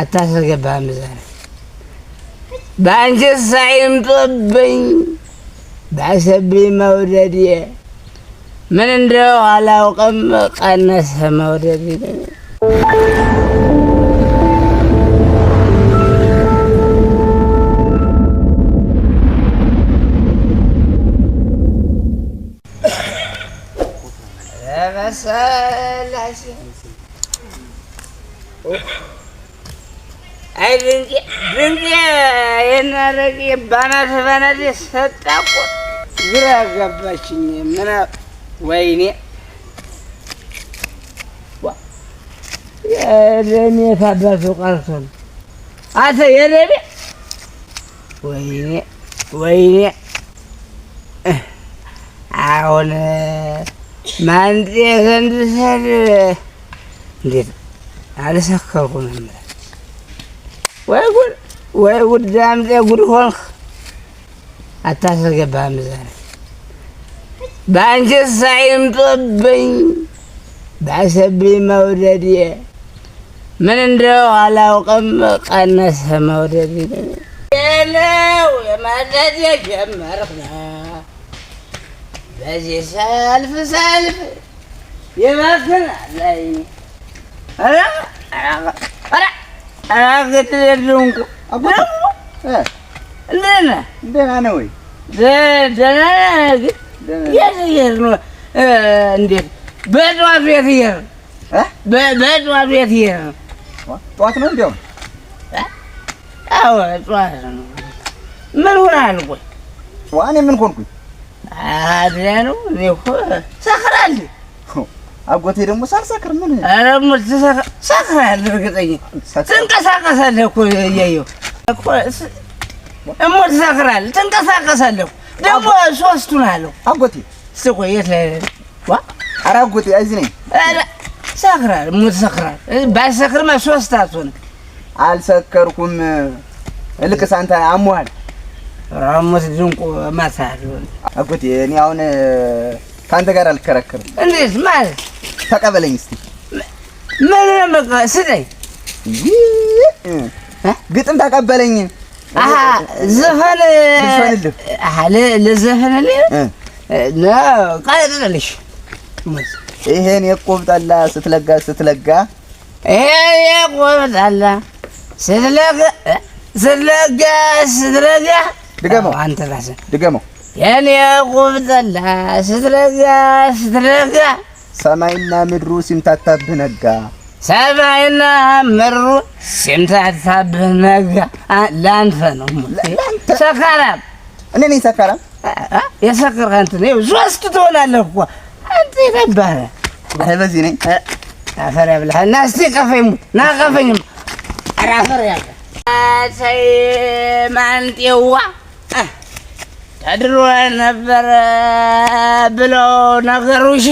አታስገባህም። ዛሬ በአንቺስ ሳይምጥብኝ ባሰብኝ መውደድ ምን እንደው አላውቅም ቀነሰ መውደድ አይ ድንቄ ድንቄ የናረቄ ባናት ባናት ሰጣቁ ግራ አጋባችኝ። ምና ወይኔ የለሜ ታባቱ ቀርቶን አተ የለሜ ወይኔ ወይኔ አሁን ማንጤ ዘንድ ሰል እንዴት አልሰከርኩም ነበር ويقول وقدام ذي يقول هولخ አታስር ገባ ምዛር በአንጀሳ ይምጥብኝ ባሰብ መውደድ ምን እንደው አላውቅም። ቀነሰ መውደድ የለው የማለት የጀመርና በዚህ ሰልፍ ሰልፍ ይመክናለኝ ኧረ ኧረ እንዴት በጠዋቱ የት እየሄድን በጠዋቱ የት እየሄድን? ጠዋት ነው እንዲያውም። አዎ ጠዋት ነው። ምን ሆነሃል? ቆይ እኔ ምን ሆንኩኝ? አድሬ ነው እኔ እኮ ሰክራለሁ አጎቴ ደግሞ ሳልሰክር ምን ሰክራለህ? እርግጠኛ ትንቀሳቀሳለህ እኮ እያየሁ እሞት ሰክራለህ፣ ትንቀሳቀሳለህ ደግሞ ሦስቱን አለው አጎቴ። እስኪ ቆይ የት ላይ ኧረ አጎቴ እዚህ ነኝ። ሰክራለህ፣ እሞት ሰክራለህ። ባይሰክርማ ሦስት አትሆንም። አልሰከርኩም። ልቅስ አንተ አሞሃል። ራሙስ ድንቁ ማሳል አጎቴ፣ እኔ አሁን ከአንተ ጋር አልከራከርም። እንዴት ማለት ተቀበለኝ እስቲ ምን ስጠኝ ግጥም ተቀበለኝ። ዘፈን ልዘፈንልህ ቀጥልሽ። ይሄን የቆብ ጠላ ስትለጋ ስትለጋ ይሄን የቆብ ጠላ ስትለጋ ስትለጋ ስትለጋ ድገመው፣ አንተ ራስህ ድገመው። ይሄን የቆብ ጠላ ስትለጋ ስትለጋ ሰማይና ምድሩ ሲምታታብህ ነጋ። ሰማይና ምድሩ ሲምታታብህ ነጋ። ለአንተ ነው ሰካራም። እኔ ነኝ ሰካራም። የሰከርክ አንተ ነው። ሶስት ትሆናለህ እኮ አንተ የነበረ አይ በዚህ ነኝ። አፈር ያብላህ እና እስቲ ቀፈኝ ሙት ና ቀፈኝ ኧረ አፈር ያብላህ አሰይ ማንጤዋ ተድሮ ነበረ ብለው ነገሩሽ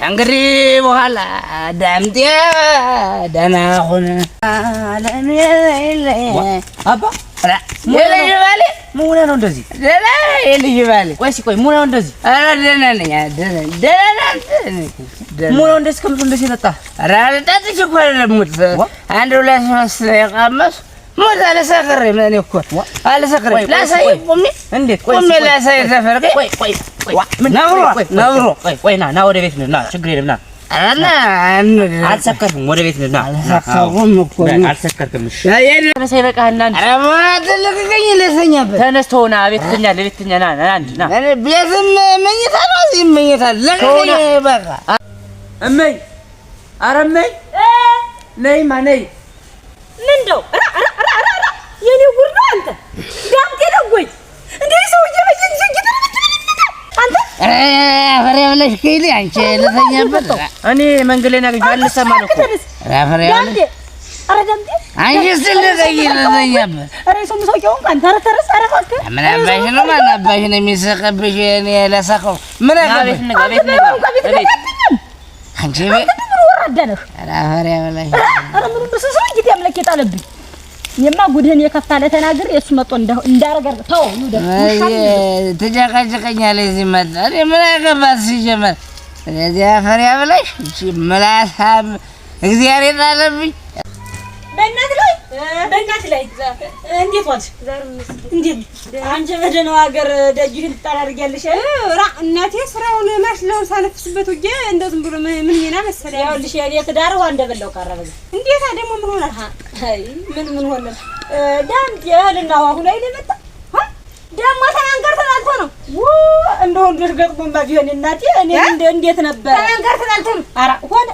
ከእንግዲህ በኋላ ዳምጤ ደህና ሁን። አባ የልጅ ባሌ ምን ነው እንደዚህ? ደህና የልጅ ባሌ ቆይ እስኪ ምን ነው እንደዚህ? ኧረ ደህና ነኝ ደህና ነኝ። ምን እንደዚህ እንደዚህ የጠጣ አንድ ሁለት ሦስት የቃመሱ ሞት አልሰክሬም እኔ እኮ አልሰክሬም። ላሳይህ ቁሜ እንዴት ቁሜ ላሳይህ ተፈርቀኝ ና ና ወደ ቤት ና፣ ችግር የለም ና። አልሰከርክም፣ ወደ ቤት ና። ተነስተውና ቤት ተኛ፣ ነይ። ምንድን ነው የእኔ ጉድ ነው አንተ ጋምጤ ሰውዬ አፈር ያብላሽ ከይል አንቺ ለተኛበት እኔ መንገድ ላይ አልሰማ ነው እኮ አፈር አንቺ ስል ለተኝ ለተኛበት ነው ማን አባሽ ነው የሚሰቀብሽ? እኔ ለሰቀው ምን አንቺ ቤት አፈር ምን ብስስ ነው እንግዲህ አምላክ የማ ጉድህን የከፋ ለተናግር የእሱ መጦ እንዳረገር ተው ትጨቀጭቀኛለህ። እዚህ መጣ ምን አገባት ሲጀመር እዚህ አፈሪያ ብለሽ ምላሳም እግዚአብሔር ጣለብኝ። በእናት ላይ በእናት ላይ እንዴት ዋልሽ? እንዴት አንቺ በደህናው ሀገር ደጅሽን ትጠራርጊያለሽ? ራ እናቴ ስራውን ማሽላውን ሳለፍስበት ውዬ እንደው ዝም ብሎ ምን ዜና መሰለኝ። ይኸውልሽ የእኔ ትዳር ውሃ እንደበላው ቀረበ። እንዴታ ደግሞ ምን ሆነ? ምን ምን ሆነ? ዳም የእህልና ውሃ ሁላ ይል ደግሞ ተናንገር ተላልቶ ነው እንደ ወንዶች ገጥሞማ ቢሆን እናቴ እኔ እንዴት ነበር? ተናንገር ተላልቶ ነው ኧረ ሆነ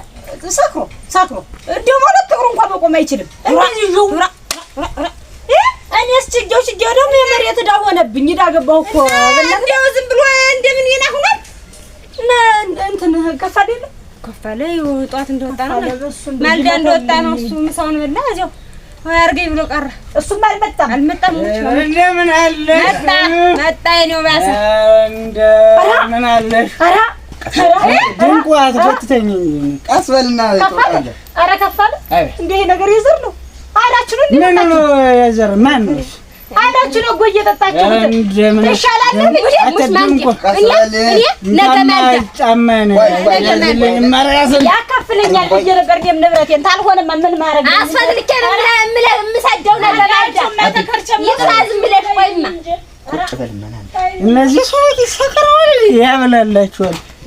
ሰክሮ ሰክሮ እንደው ማለት ዱር እንኳን መቆም አይችልም። እኔ ስችጌው ችጌው ደግሞ የመሬት ዕዳ ሆነብኝ። ዕዳ ገባሁ እኮ እንደው ዝም ብሎ እንደምን ይና ሁኗል። እንትን ከፍ አይደለ ከፍ አለ። ጠዋት እንደወጣ ነው ማልዳ እንደወጣ ነው እሱ ምሳውን በላ እዚያው አያርገኝ ብሎ ቀረ። እሱም አልመጣም አልመጣም። እንደምን አለሽ መጣ መጣ የኔው ባሰ እንደምን አለሽ ኧረ ድንቁ ትፈትተኝ። ቀስ በልና ኧረ ከፍ አለ ነገር የዘር ነው አላችሁ ነው ምን የዘር ማን ነው አላችሁ ነው ጎየ ጠጣችሁ ትሻላለህ ነገ ማልዳ ያካፍለኛል ብዬ ነበር። እኔም ንብረቴን ታልሆነማ ምን ማረግ አስፈልኬ ነው ምለ የምሰደው ነገ ዝም ብለሽ ቆይማ እነዚህ ሰዎች ይሰክራሉ ያብላላችኋል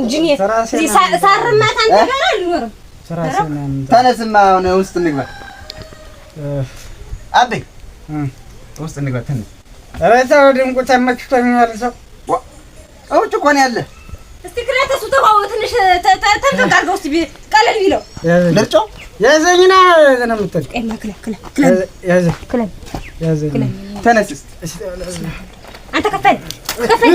እንጂ ሳርማት አንተ ተነስማ አሁን ውስጥ እንግባ። አቤ ውስጥ እንግባ። ተነስ። እበዛው ድምቁ ተመችቶኝ የሚመልሰው ውጭ እኮ ነው ያለ። እስቲ ክረተሱ ተው ትንሽ ተንፈቅ አድርገው ቀለል ቢለው ልርጮ ያዘኝና ነው የምትል ተነስ አንተ ከፈል ከፈል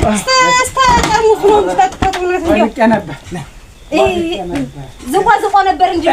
ዝቋ ዝቋ ነበር እንጂ